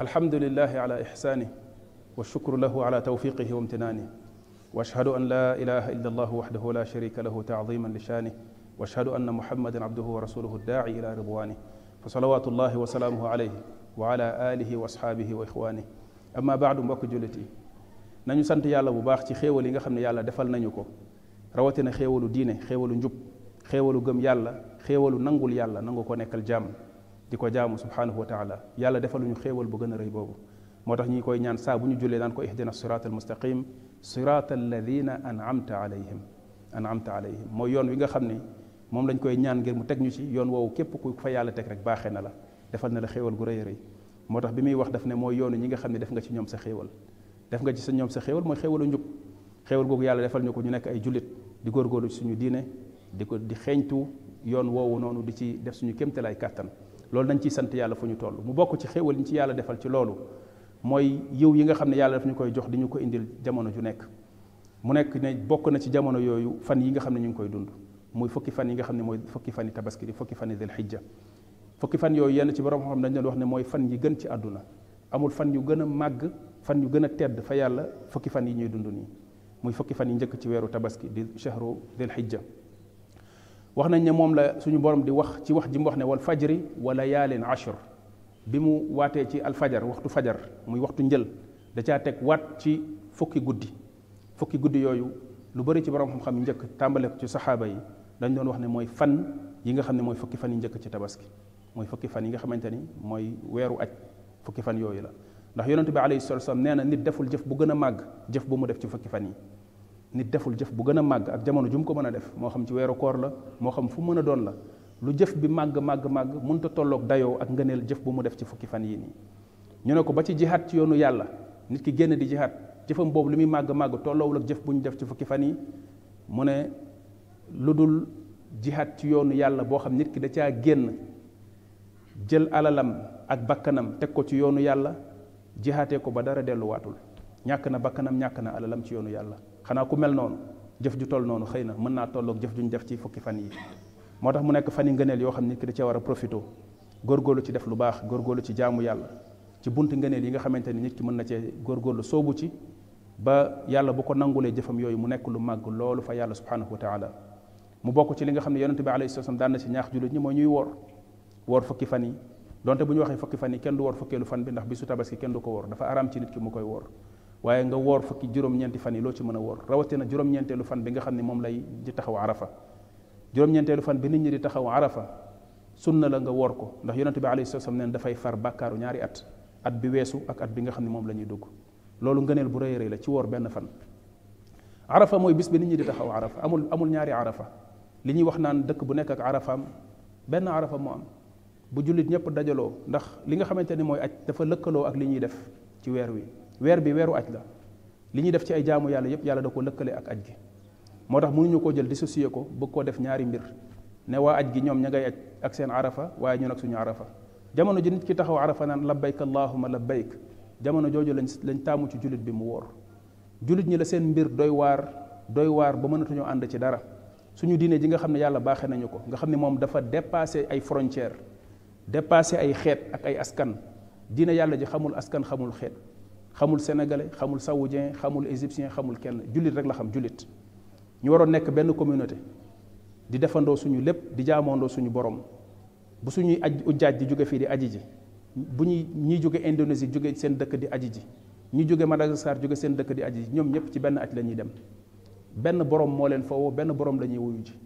alhamdulillahi ala ihsaani wa shukru lahu ala tawfiqihi wa imtinaani wa ashhadu an laa ilaha illa allahu waxdahu la sharika lahu taadiman li shaani wa ashhadu anna muhammadan abduhu wa rasuluhu daaci ila ridwaani fa salawaatu llahi wa salaamuhu alayhi wa ala alihi wa ashaabihi wa ixwaani amma baadu mbokk jullit yi nañu sant yàlla bu baax ci xéewal yi nga xam ne yàlla defal nañu ko rawatina xéewalu diine xéewalu njub xéewalu gëm yàlla xéewalu nangul yàlla nangu ko nekkal jàmm di ko jaamu subhanahu wa taala yàlla defaluñu xéewal bu gën a rëy boobu moo tax ñi koy ñaan saa bu ñu jullee daan ko ihdina sirat al mustaqim sirat alladina anamta alayhim anamta alayhim mooy yoon wi nga xam ni moom lañ koy ñaan ngir mu teg ñu ci yoon woowu képp ku fa yàlla teg rek baaxee na la defal na la xéewal gu rëy rëy moo tax bi muy wax daf ne mooy yoonu ñi nga xam ne def nga ci ñoom sa xéewal def nga ci sa ñoom sa xéewal mooy xéewalu njub xéewal googu yàlla defal ñu ko ñu nekk ay jullit di góorgóorlu ci suñu diine di ko di xeeñtu yoon woowu noonu di ci def suñu kéemtalaay kàttan loolu dañ ciy sant yàlla fu ñu toll mu bokk ci xéewal ñu ci yàlla defal ci loolu mooy yiw yi nga xam ne yàlla daf ñu koy jox di ñu ko indil jamono ju nekk mu nekk ne bokk na ci jamono yooyu fan yi nga xam ne ñu ngi koy dund muy fukki fan yi nga xam ne mooy fukki fan yi tabaski di fukki fan yi dil xijja fukki fan yenn ci borom xam dañ wax ne mooy fan yi gën ci àdduna amul fan yu gën a màgg fan yu gën a tedd fa yàlla fukki fan yi ñuy dund nii muy fukki fan yi njëkk ci weeru tabaski di chahru dil xijja wax nañ ne moom la suñu borom di wax ci wax ji mu wax ne wal fajri wa layaalin ashr bi mu waatee ci alfajar waxtu fajar muy waxtu njël da caa teg waat ci fukki guddi fukki guddi yooyu lu bari ci borom xam-xam njëkk tàmbale ko ci saxaaba yi dañu doon wax ne mooy fan yi nga xam ne mooy fukki fan yi njëkk ci tabaski mooy fukki fan yi nga xamante ni mooy weeru aj fukki fan yooyu la ndax yonente bi alayhi salatu nee na nit deful jëf bu gën a màgg jëf bu mu def ci fukki fan yi nit deful jëf bu gën a màgg ak jamono ju ko mën a def moo xam ci weeru koor la moo xam fu mën a doon la lu jëf bi màgg màgg màgg mënta tolloog dayoo ak ngëneel jëf bu mu def ci fukki fan yii ñu ne ko ba ci jihaat ci yoonu yàlla nit ki génn di jihaat jëfam boobu li muy màgg màgg tolloowul ak jëf bu def ci fukki fan yi mu ne lu dul jihaat ci yoonu yàlla boo xam nit ki da caa génn jël alalam ak bakkanam teg ko ci yoonu yàlla jihaatee ko ba dara delluwaatul ñàkk na bakkanam ñàkk na alalam ci yoonu yàlla xanaa ku mel noonu jëf ju toll noonu xëy na mën naa tolloog jëf ñu def ci fukki fan yi moo tax mu nekk fan yi ngëneel yoo xam nit ki da cee war a profité góorgóorlu ci def lu baax góor góorgóorlu ci jaamu yàlla ci bunt ngëneel yi nga xamante ni nit ki mën na cee góorgóorlu soobu ci ba yàlla bu ko nangulee jëfam yooyu mu nekk lu màgg loolu fa yàlla subhanahu wa taala mu bokk ci li nga xam ne yonente bi alayhi salaam daan na si ñaax jullit ñi mooy ñuy woor yi donte bu ñu waxee fukki fan yi kenn du woor bi ndax bisu kenn du ko woor dafa araam ci waaye nga woor fukki juróom-ñeenti fan yi loo ci mën a woor rawatina juróom-ñeenteelu fan bi nga xam ne moom lay di taxaw arafa juróom-ñeenteelu fan bi nit ñi di taxaw arafa sunna la nga woor ko ndax yonente bi alayhi salaam neen dafay far bàkkaaru ñaari at at bi weesu ak at bi nga xam ne moom la ñuy dugg loolu ngëneel bu rëy rëy la ci woor benn fan arafa mooy bis bi nit ñi di taxaw arafa amul amul ñaari arafa li ñuy wax naan dëkk bu nekk ak arafaam benn arafa moo am bu jullit ñëpp dajaloo ndax li nga xamante ni mooy aj dafa lëkkaloo ak li ñuy def ci weer wi weer bi weeru aj la li ñuy def ci ay jaamu yàlla yépp yàlla da ko lëkkale ak aj gi moo tax mënuñu koo jël di dissocié ko bëgg koo def ñaari mbir ne waa aj gi ñoom ña ngay aj ak seen arafa waaye ñun ak suñu arafa jamono ji nit ki taxaw arafa naan labbayk allahuma labbayk jamono jooju lañ lañ taamu ci jullit bi mu woor jullit ñi la seen mbir doy waar doy waar ba mënatuñoo ànd ci dara suñu diine ji nga xam ne yàlla baaxee nañu ko nga xam ne moom dafa dépassé ay frontières dépassé ay xeet ak ay askan diine yàlla ji xamul askan xamul xeet xamul sénégalais xamul saoudien xamul égyptien xamul kenn jullit rek la xam jullit ñu waroon nekk benn communauté di defandoo suñu lépp di jaamoondoo suñu borom bu suñuy aj ujjaaj di jóge fii di aji ji bu ñuy ñiy jóge Indonésie jóge seen dëkk di aji ji ñuy jóge Madagascar jóge seen dëkk di aji ji ñoom ñëpp ci benn aj la dem benn borom moo leen foofu benn borom la ñuy wuyu ji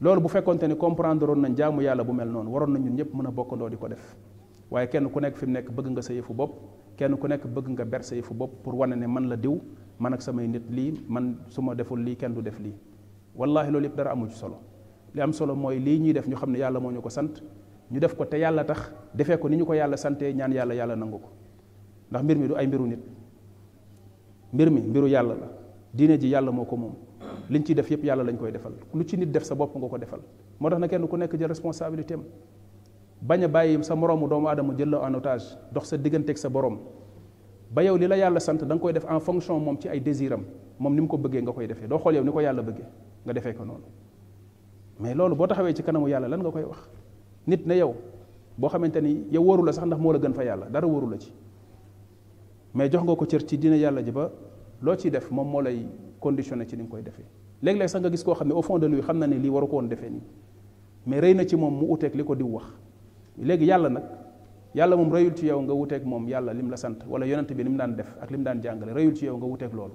loolu bu fekkonte ni comprendre woon nañ jaamu yàlla bu mel noonu waroon na ñëpp mën a bokkandoo di ko def waaye kenn ku nekk fi mu nekk bëgg nga sa bopp kenn ku nekk bëgg nga ber sa fu bopp pour wane ne man la diw man ak samay nit lii man su ma deful lii kenn du def lii wallahi loolu yëpp dara amu ci solo li am solo mooy lii ñuy def ñu xam ne yàlla moo ñu ko sant ñu def ko te yàlla tax defee ko ni ñu ko yàlla santee ñaan yàlla yàlla nangu ko ndax mbir mi du ay mbiru nit mbir mi mbiru yàlla la diine ji yàlla moo ko moom liñ ci def yëpp yàlla lañ koy defal lu ci nit def sa bopp nga ko defal moo tax bañ a bàyyi sa moroomu doomu adama jël la en otage dox sa digganteeg sa borom ba yow li la yàlla sant da nga koy def en fonction moom ci ay désiram moom ni mu ko bëggee nga koy defee doo xool yow ni ko yàlla bëggee nga defee ko noonu mais loolu boo taxawee ci kanamu yàlla lan nga koy wax nit ne yow boo xamante ni yow warula la sax ndax moo la gën fa yàlla dara wóoru la ci mais jox nga ko cër ci dina yàlla ji ba loo ci def moom moo lay conditionné ci ni nga koy defee léeg-léeg sax nga gis koo xam ne au fond de lui xam na ne lii waru ko woon nii mais rëy na ci moom mu uteeg ko diw wax léegi yàlla nag yàlla moom rëyul ci yow nga wuteeg moom yàlla lim la sant wala yonent bi ni mu daan def ak lim daan jàngale rëyul ci yow nga wuteeg loolu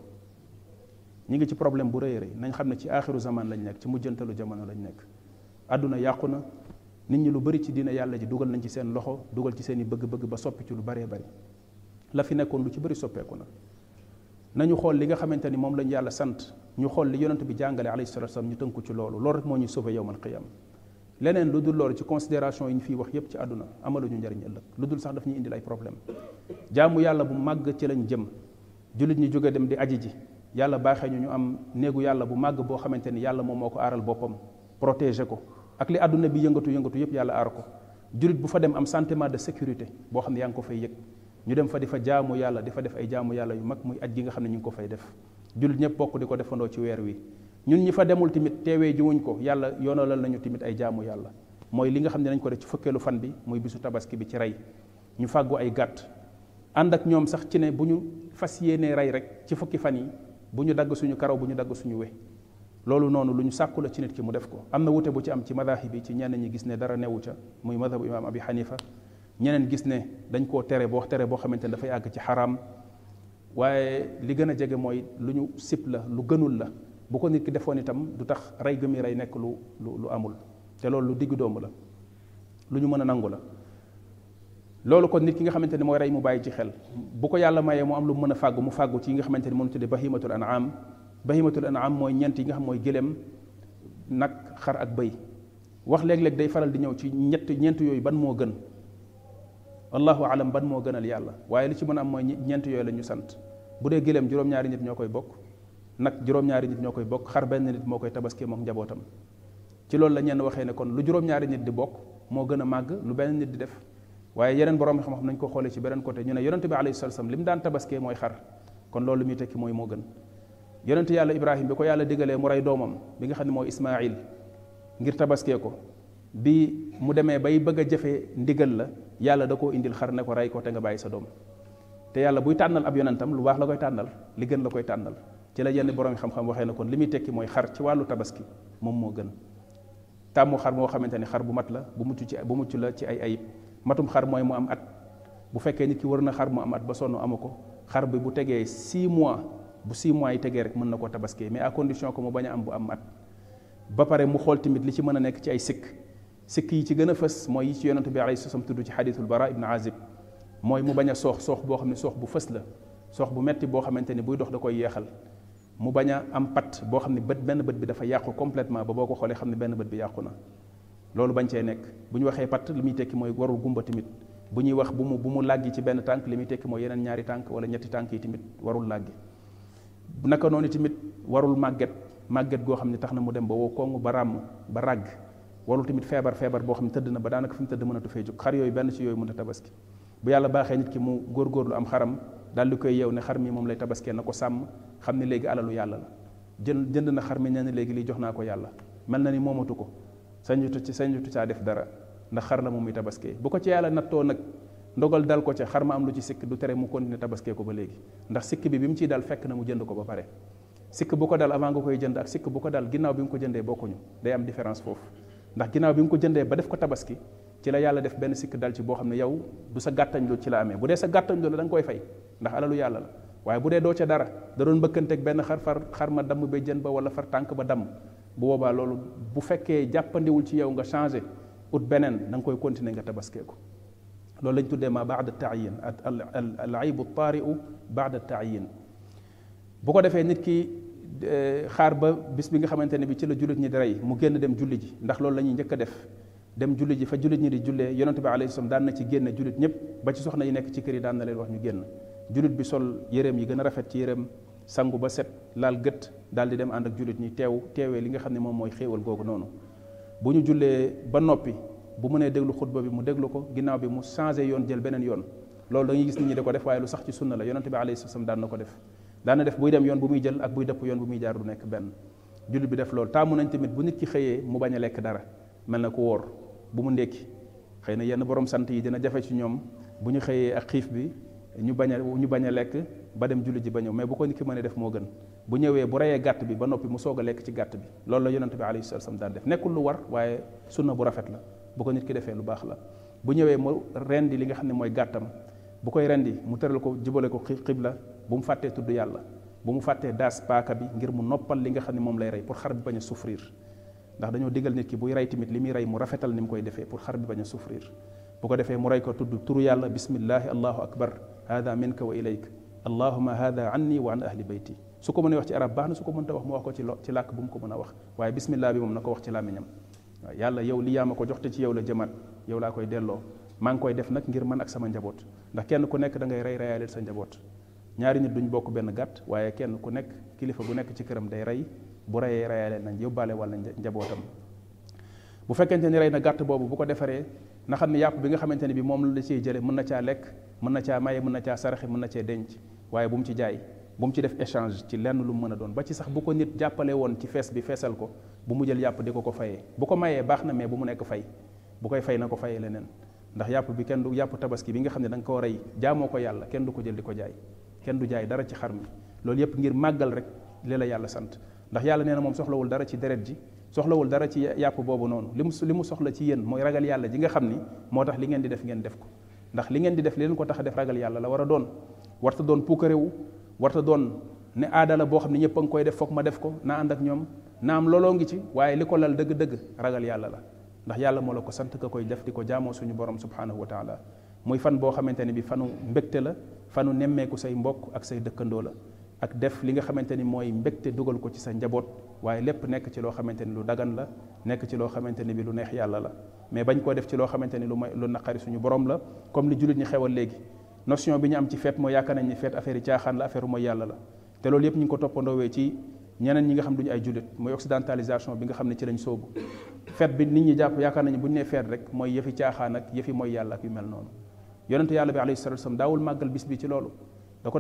ñi ngi ci problème bu rëy rëy nañ xam ne ci aaxiru zaman lañu nekk ci mujjantalu jamono lañ nekk àdduna yàqu na nit ñi lu bari ci dina yàlla ji dugal nañ ci seen loxo dugal ci seen i bëgg-bëgg ba soppi ci lu baree bari la fi nekkoon lu ci bari soppeeku na nañu xool li nga xamante ni moom lañ yàlla sant ñu xool li yonent bi jàngale alayhi salatu wasalam ñu tënku ci loolu loolu rek moo ñuy sauvé yowmal qiyama leneen lu dul loolu ci considération yi ñu fiy wax yépp ci àdduna amaluñu njariñ ëllëg lu dul sax daf ñu indil ay problème jaamu yàlla bu màgg ci lañ jëm jullit ñu jóge dem di aji ji yàlla baaxee ñu ñu am néegu yàlla bu màgg boo xamante ni yàlla moom moo ko aaral boppam protéger ko ak li àdduna bi yëngatu yëngatu yépp yàlla aar ko jullit bu fa dem am sentiment de sécurité boo xam ne yaa ngi ko fay yëg ñu dem fa di fa jaamu yàlla di fa def ay jaamu yàlla yu mag muy aj gi nga xam ne ñu ngi ko fay def jullit ñëpp bokk di ko defandoo ci weer wi ñun ñi fa demul tamit teewee jiwuñ ko yàlla yoonalal nañu tamit ay jaamu yàlla mooy li nga xam ne nañ ko def ci fukkeelu fan bi muy bisu tabaski bi ci rey ñu fàggu ay gàtt ànd ak ñoom sax ci ne bu ñu fas yéenee rey rek ci fukki fan yi bu ñu dagg suñu karaw bu ñu dagg suñu we loolu noonu lu ñu sàkku la ci nit ki mu def ko am na wute bu ci am ci madahib bi ci ñenn ñi gis ne dara newu ca muy bi imam abi xanifa ñeneen gis ne dañ koo tere boo tere boo xamante ne dafay àgg ci xaraam waaye li gën a jege mooy lu ñu sib la lu gënul la bu ko nit ki defoon itam du tax rey gëmi rey nekk lu lu lu amul te loolu lu diggu doomu la lu ñu mën a nangu la loolu ko nit ki nga xamante ne mooy rey mu bàyyi ci xel bu ko yàlla mayee mu am lu mën a fàggu mu fàggu ci yi nga xamante ne moom tuddee bahimatul an'am bahimatul an'am mooy ñent yi nga xam mooy gëléem nag xar ak bëy wax léeg-léeg day faral di ñëw ci ñett ñeent yooyu ban moo gën allahu alam ban moo gënal yàlla waaye li ci mën a am mooy ñeent yooyu la ñu sant bu dee gëléem juróom-ñaari nit ñoo koy bokk nag juróom-ñaari nit ñoo koy bokk xar benn nit moo koy tabaski moom njabootam ci loolu la ñenn waxee ne kon lu juróom-ñaari nit di bokk moo gën a màgg lu benn nit di def waaye yeneen borom xam-xam nañ ko xoolee ci beneen côté ñu ne yonente bi alayhi salaam li mu daan tabaskee mooy xar kon loolu muy tekki mooy moo gën yonente yàlla ibrahim bi ko yàlla digalee mu rey doomam bi nga xam ne mooy ismail ngir tabaskee ko bi mu demee bay bëgg a jëfe ndigal la yàlla da koo indil xar ne ko rey te nga bàyyi sa doom te yàlla buy tànnal ab yonentam lu baax la koy tànnal li gën la koy tànnal ci la yenn borom xam-xam waxee na kon li muy tekki mooy xar ci wàllu tabaski moom moo gën tàmmu xar moo xamante ni xar bu mat la bu mucc ci bu mucc la ci ay ayib matum xar mooy mu am at bu fekkee nit ki war na xar mu am at ba sonn amu ko xar bi bu tegee 6 mois bu 6 mois yi tegee rek mën na koo tabaskee mais à condition que mu bañ a am bu am at ba pare mu xool tamit li ci mën a nekk ci ay sikk sikk yi ci gën a fës mooy yi ci yonent bi alayhi salaam tudd ci xadiisul bara ibn azib mooy mu bañ a soox soox boo xam ne soox bu fës la soox bu metti boo xamante ni buy dox da koy yeexal mu bañ a am pat boo xam ne bët benn bët bi dafa yàqu complètement ba boo ko xoolee xam ne benn bët bi yàqu na loolu bañ cee nekk bu ñu waxee pat li muy tekki mooy warul gumba tamit bu ñuy wax bu mu bu mu làggi ci benn tànk li muy tekki mooy yeneen ñaari tànk wala ñetti tànk yi tamit warul làggi naka noonu tamit warul màgget màgget goo xam ne tax na mu dem ba woo koŋ ba ràmm ba ràgg warul tamit feebar feebar boo xam ne tëdd na ba daanaka fi mu tëdd mënatu fee jóg xar yooyu benn ci yooyu mën a tabaski bu yàlla baaxee ki mu góorgóorlu am xaram daal di koy yeew ne xar mii moom lay tabaskee na ko sàmm xam ne léegi alalu yàlla la jën jënd na xar mi nee na léegi li jox naa ko yàlla mel na ni moomatu ko sañutu ci sañutu caa def dara ndax xar la moom muy tabaskee bu ko ci yàlla nattoo nag ndogal dal ko ca xar ma am lu ci sikk du tere mu continuer tabaskee ko ba léegi ndax sikk bi bi mu ci dal fekk na mu jënd ko ba pare sikk bu ko dal avant nga koy jënd ak sikk bu ko dal ginnaaw bi nga ko jëndee bokkuñu day am différence foofu ndax ginnaaw bi nga ko jëndee ba def ko tabaski ci la yàlla def benn sikk dal ci boo xam ne yow du sa gàttañlu ci la amee bu dee sa gàttañlu la koy fay ndax alalu yàlla la waaye bu dee doo ca dara da doon mbëkkanteeg benn xar far xar ma damm ba jën ba wala far tànk ba damm bu boobaa loolu bu fekkee jàppandiwul ci yow nga changé ut beneen da nga koy continuer nga tabaskeeku loolu lañ tuddee ma baada taayin al aybu taariu baada taayin bu ko defee nit ki eh, xaar ba bis bi nga xamante ne bi ci la jullit ñi di mu génn dem julli ji ndax loolu la ñuy njëkk a def dem julli ji fa jullit ñi di jullee yonente bi alayhi salaam daan na ci génn jullit ñëpp ba ci soxna yi nekk ci kër yi daan na leen wax ñu génn jullit bi sol yéreem yi gën a rafet ci yéreem sangu ba set laal gët daal di dem ànd ak jullit ñi teew teewee li nga xam ne moom mooy xéewal googu noonu bu ñu jullee ba noppi bu mënee déglu xutba bi mu déglu ko ginnaaw bi mu changé yoon jël beneen yoon loolu da gis nit ñi da ko def waaye lu sax ci sunna la yonente bi alayhi salaam daan na ko def daan na def buy dem yoon muy jël ak buy dëpp yoon bu muy jaar du nekk benn jullit bi def loolu taamu nañ tamit bu nit ki xëyee mu bañ a lekk dara mel na ku wóor bu mu ndékki xëy na yenn borom sant yi dina jafe ci ñoom bu ñu xëyee ak xiif bi ñu bañ a ñu bañ a lekk ba dem julli ji ba ñëw mais bu ko nit ki mënee def moo gën bu ñëwee bu reyee gàtt bi ba noppi mu soog lekk ci gàtt bi loolu la yonent bi alayhi salaam daan def nekkul lu war waaye sunna bu rafet la bu ko nit ki defee lu baax la bu ñëwee mu rendi li nga xam ne mooy gàttam bu koy rendi mu tëral ko jubale ko la bu mu fàttee tudd yàlla bu mu fàttee daas paaka bi ngir mu noppal li nga xam ne moom lay rey pour xar bi bañ a ndax dañoo digal nit ki buy rey tamit li muy rey mu rafetal ni mu koy defee pour xar bi bañ a souffrir bu ko defee mu rey ko tudd turu yàlla bismillahi allahu akbar hada minka wa ilayk allahuma hada anni wa an ahli bayti su ko mënee wax ci arab baax na su ko mënta wax mu ko ci ci làkk bu mu ko mën a wax bi moom na ko wax ci làmmiñam yàlla yow li yaa ma ko jox te ci yow la jëmaat yow laa koy delloo maa ngi koy def nag ngir man ak sama njaboot ndax kenn ku nekk dangay rey reyaaleel sa njaboot ñaari nit duñ bokk benn gàtt waaye kenn ku nekk kilifa bu nekk ci këram day rey bu reyee reyalee nañ yóbbaale walla njabootam bu fekkente ni rey na gàtt boobu bu ko defaree na xam ne yàpp bi nga xamante ne bi moom la ciy jële mën na caa lekk mën na caa maye mën na caa saraxe mën na cee denc waaye bu mu ci jaay bu mu ci def échange ci lenn lu mu mën a doon ba ci sax bu ko nit jàppalee woon ci fees bi feesal ko bu mu jël yàpp di ko ko fayee bu ko mayee baax na mais bu mu nekk fay bu koy fay na ko fayee leneen ndax yàpp bi kenn du yàpp tabaski bi nga xam ne da nga koo rey jaamoo ko yàlla kenn du ko jël di ko jaay kenn du dara ci xar mi loolu yépp ngir màggal rek li la yàlla sant ndax yàlla nee na moom soxlawul dara ci deret ji soxlawul dara ci yàpp boobu noonu li mu li mu soxla ci yéen mooy ragal yàlla ji nga xam ni moo tax li ngeen di def ngeen def ko ndax li ngeen di def li leen ko tax a def ragal yàlla la war a doon warta doon puukarewu warta doon ne aada boo xam ne ñëpp ngi koy def foog ma def ko naa ak ñoom am looloo ngi ci waaye li ko lal dëgg-dëgg ragal yàlla la ndax yàlla moo la ko sant ka koy def di ko jaamoo suñu borom subhanahu wa taala muy fan boo xamante ne bi fanu mbégte la fanu nemmeeku say mbokk ak say dëkkandoo la ak def li nga xamante ni mooy mbégte dugal ko ci sa njaboot waaye lépp nekk ci loo xamante ni lu dagan la nekk ci loo xamante bi lu neex yàlla la mais bañ koo def ci loo xamante lu naqari suñu borom la comme li jullit ñi xewal léegi notion bi ñu am ci feet mooy yaakaar nañ ni feet affaire caaxaan la affaire mooy yàlla la te loolu yëpp ñu ko toppandoowee ci ñeneen ñi nga xam duñu ay jullit mooy occidentalisation bi nga xam ne ci lañ soobu feet bi nit ñi jàpp yaakaar nañu bu ñu nee bi alayhi salatu wasallam daawul màggal bis bi ci loolu da ko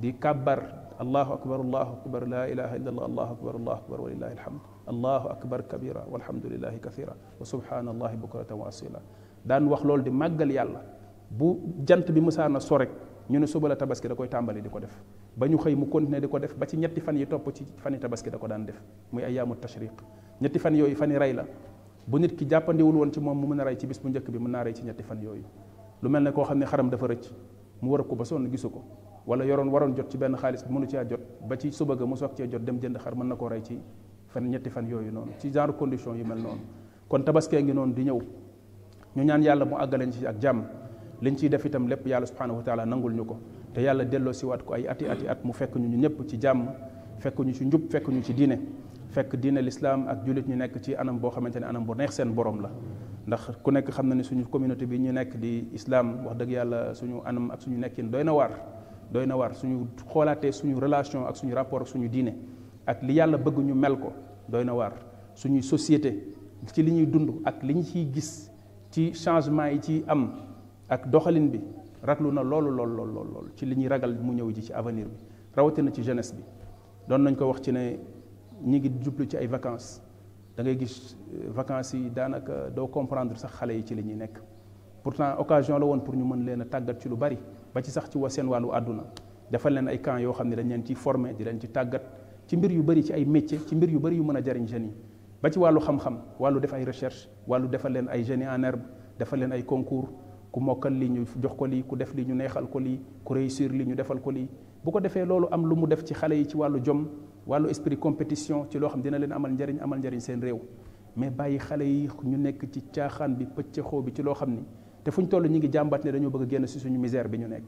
di kàbbar allahu akbar allahu akbar laa ilaha illa allah allahu akbar allahu akbar walilahi alhamd allahu akbar kabira walhamdulilahi kathira wa subhanallahi bukratan wa asila daan wax loolu di màggal yàlla bu jant bi musaana so rek ñu ne suba la tabaski da koy tàmbali di ko def ba ñu xëy mu continuer di ko def ba ci ñetti fan yi topp ci fani tabaski da ko daan def muy ayaamu tashriq ñetti fan yooyu fan fani rey la bu nit ki jàppandiwul woon ci moom mu mën a rey ci bis bu njëkk bi mën naa ci ñetti fan yooyu lu mel ne koo xam ne xaram dafa rëcc mu war ko ba sonn gisu ko wala yoroon waroon jot ci benn xaalis mënu caa jot ba ci suba ga mu soog cee jot dem jënd xar mën na koo rey ci fan ñetti fan yooyu noonu ci genre condition yi mel noonu kon tabaskee ngi noonu di ñëw ñu ñaan yàlla mu àggaleñ ci ak jàmm liñ ciy def itam lépp yàlla subhanahu wa taala nangul ñu ko te yàlla delloo siwaat ko ay ati ati at mu fekk ñu ñu ñëpp ci jàmm fekk ñu ci njub fekk ñu ci diine fekk diine lislaam ak jullit ñu nekk ci anam boo xamante ne anam bu neex seen borom la ndax ku nekk xam na ne suñu communauté bi ñu nekk di islam wax dëgg yàlla suñu anam ak suñu nekkin doy na waar doy na waar suñu xoolaatee suñu relation ak suñu rapport ak suñu diine ak li yàlla bëgg ñu mel ko dooy na waar suñuy société ci li ñuy dund ak li ñu ciy gis ci changement yi ci am ak doxalin bi raglu na loolu lool lool ci li ñuy ragal mu ñëw ji ci avenir bi rawatina ci jeunesse bi doon nañ ko wax ci ne ñi ngi jublu ci ay vacances da ngay gis euh, vacances yi daanaka doo comprendre sax xale yi ci li ñuy nekk pourtant occasion la woon pour ñu mën leen a tàggat ci lu bari ba ci sax ci wa seen wàllu àdduna defal leen ay camps yoo xam ne dañ leen ci former di leen ci tàggat ci mbir yu bëri ci ay métiers ci mbir yu bëri yu mën a jariñ jeunes ba ci wàllu xam-xam wàllu def ay recherche wàllu defal leen ay génie en herbe defal leen ay concours ku mokkal li ñu jox ko lii ku def li ñu neexal ko lii ku réussir li ñu defal ko li bu ko defee loolu am lu mu def ci xale yi ci wàllu jom wàllu esprit compétition ci loo xam dina leen amal njariñ amal njariñ seen réew mais bàyyi xale yi ñu nekk ci caaxaan bi pëccëxoo bi ci loo xam ni te fu ñu toll ñu ngi jàmbat ne dañoo bëgg a génn si suñu misère bi ñu nekk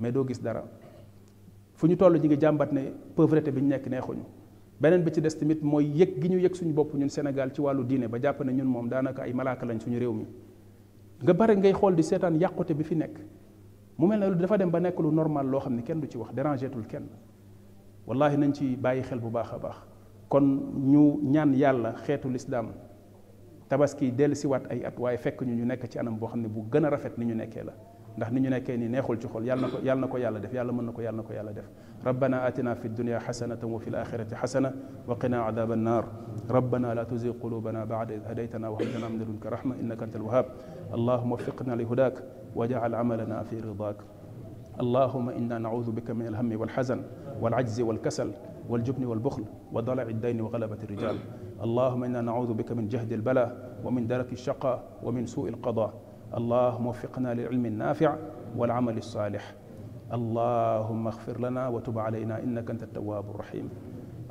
mais doo gis dara fu ñu toll ñu ngi jàmbat ne pauvreté bi ñu nekk neexuñu beneen bi ci des tamit mooy yëg gi ñu yëg suñu bopp ñun Sénégal ci wàllu diine ba jàpp ne ñun moom daanaka ay malaaka lañ suñu réew mi nga bari ngay xool di seetaan yàqute bi fi nekk mu mel ne lu dafa dem ba nekk lu normal loo xam ne kenn du ci wax dérangetul kenn wallahi nañ ci bàyyi xel bu baax a baax kon ñu ñaan yàlla xeetu lislaam tabaski dellu siwaat ay at waaye fekk ñu ñu nekk ci anam boo xam ne bu gën a rafet ni ñu nekkee la ndax ni ñu nekkee ni neexul ci xol yàlla na ko yàlla na ko yàlla def yàlla mën na ko yàlla na ko yàlla def rabbana atina fi dunya xasanatan wa fi l axirati xasana wa qina adaba annar rabbana la tuzig qulubana bada id hadaytana wa hab lana min ladunka rahma innaka anta alwahab allahuma waffiqna li hudak waj'al amalana fi ridak اللهم إنا نعوذ بك من الهم والحزن والعجز والكسل والجبن والبخل وضلع الدين وغلبة الرجال allahuma inna naudu bika min jahdi albala wa min daraki alchaqa wa min suu alqada allahuma waffiqna li ilmin naafic wal amali alsaalix allahuma axfir lana wa tub alayna innaka anta altawaabu alrahim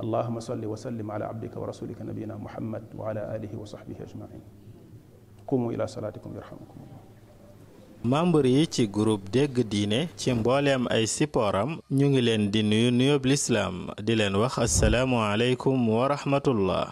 allahuma salli wa sallim ala abdika wa rasulika nabiyina muhammad wa ala alihi wa sahbihi ajmain qumu ila salatikum yarhamukum membre yi ci groupe dégg diine ci mbooleem ay sippooram ñu ngi leen di nuyu nuyoob lislaam di leen wax asalaamu aleykum wa rahmatullah